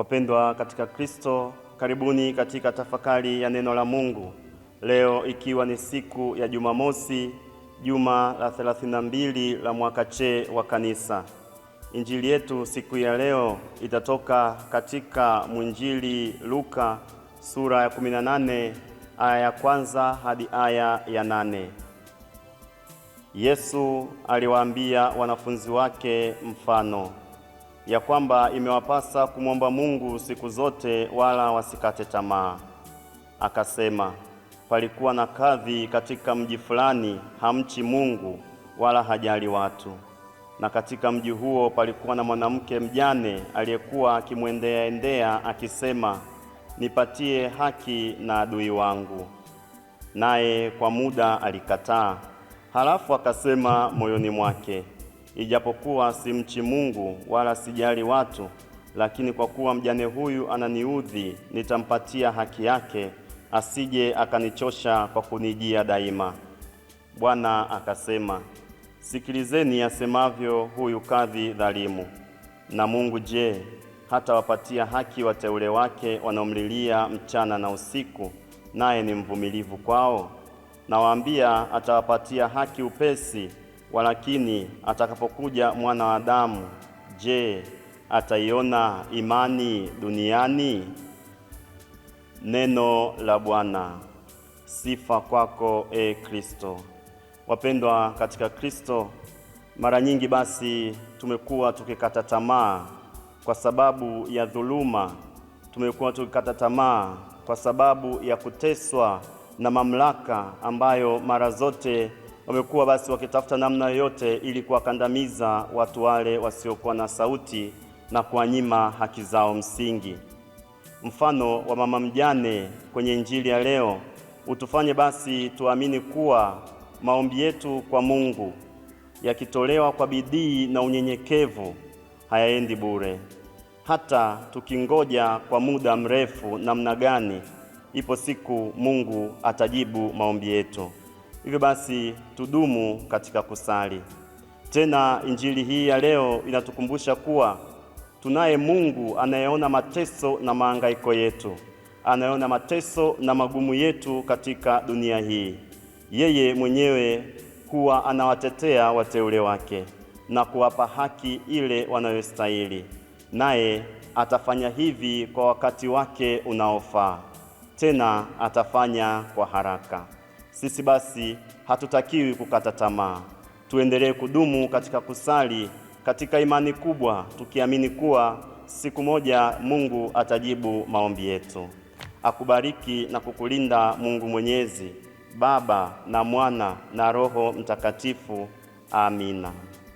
Wapendwa katika Kristo, karibuni katika tafakari ya neno la Mungu leo, ikiwa ni siku ya Jumamosi, juma la 32 la mwaka C wa Kanisa. Injili yetu siku ya leo itatoka katika mwinjili Luka sura ya 18 aya ya kwanza hadi aya ya nane. Yesu aliwaambia wanafunzi wake mfano ya kwamba imewapasa kumwomba Mungu siku zote wala wasikate tamaa. Akasema, palikuwa na kadhi katika mji fulani, hamchi Mungu wala hajali watu. Na katika mji huo palikuwa na mwanamke mjane aliyekuwa akimwendea endea akisema, nipatie haki na adui wangu. Naye kwa muda alikataa, halafu akasema moyoni mwake Ijapokuwa simchi Mungu wala sijali watu, lakini kwa kuwa mjane huyu ananiudhi, nitampatia haki yake, asije akanichosha kwa kunijia daima. Bwana akasema, sikilizeni asemavyo huyu kadhi dhalimu. Na Mungu je, hatawapatia haki wateule wake wanaomlilia mchana na usiku, naye ni mvumilivu kwao? Nawaambia, atawapatia haki upesi. Walakini atakapokuja mwana wa Adamu, je, ataiona imani duniani? Neno la Bwana. Sifa kwako e Kristo. Wapendwa katika Kristo, mara nyingi basi tumekuwa tukikata tamaa kwa sababu ya dhuluma, tumekuwa tukikata tamaa kwa sababu ya kuteswa na mamlaka ambayo mara zote wamekuwa basi wakitafuta namna yoyote ili kuwakandamiza watu wale wasiokuwa na sauti na kuwanyima haki zao msingi. Mfano wa mama mjane kwenye Injili ya leo utufanye basi tuamini kuwa maombi yetu kwa Mungu yakitolewa kwa bidii na unyenyekevu hayaendi bure. Hata tukingoja kwa muda mrefu namna gani, ipo siku Mungu atajibu maombi yetu. Hivyo basi tudumu katika kusali. Tena injili hii ya leo inatukumbusha kuwa tunaye Mungu anayeona mateso na maangaiko yetu, anayeona mateso na magumu yetu katika dunia hii. Yeye mwenyewe huwa anawatetea wateule wake na kuwapa haki ile wanayostahili, naye atafanya hivi kwa wakati wake unaofaa, tena atafanya kwa haraka. Sisi basi hatutakiwi kukata tamaa, tuendelee kudumu katika kusali katika imani kubwa, tukiamini kuwa siku moja Mungu atajibu maombi yetu. Akubariki na kukulinda Mungu Mwenyezi, Baba na Mwana na Roho Mtakatifu. Amina.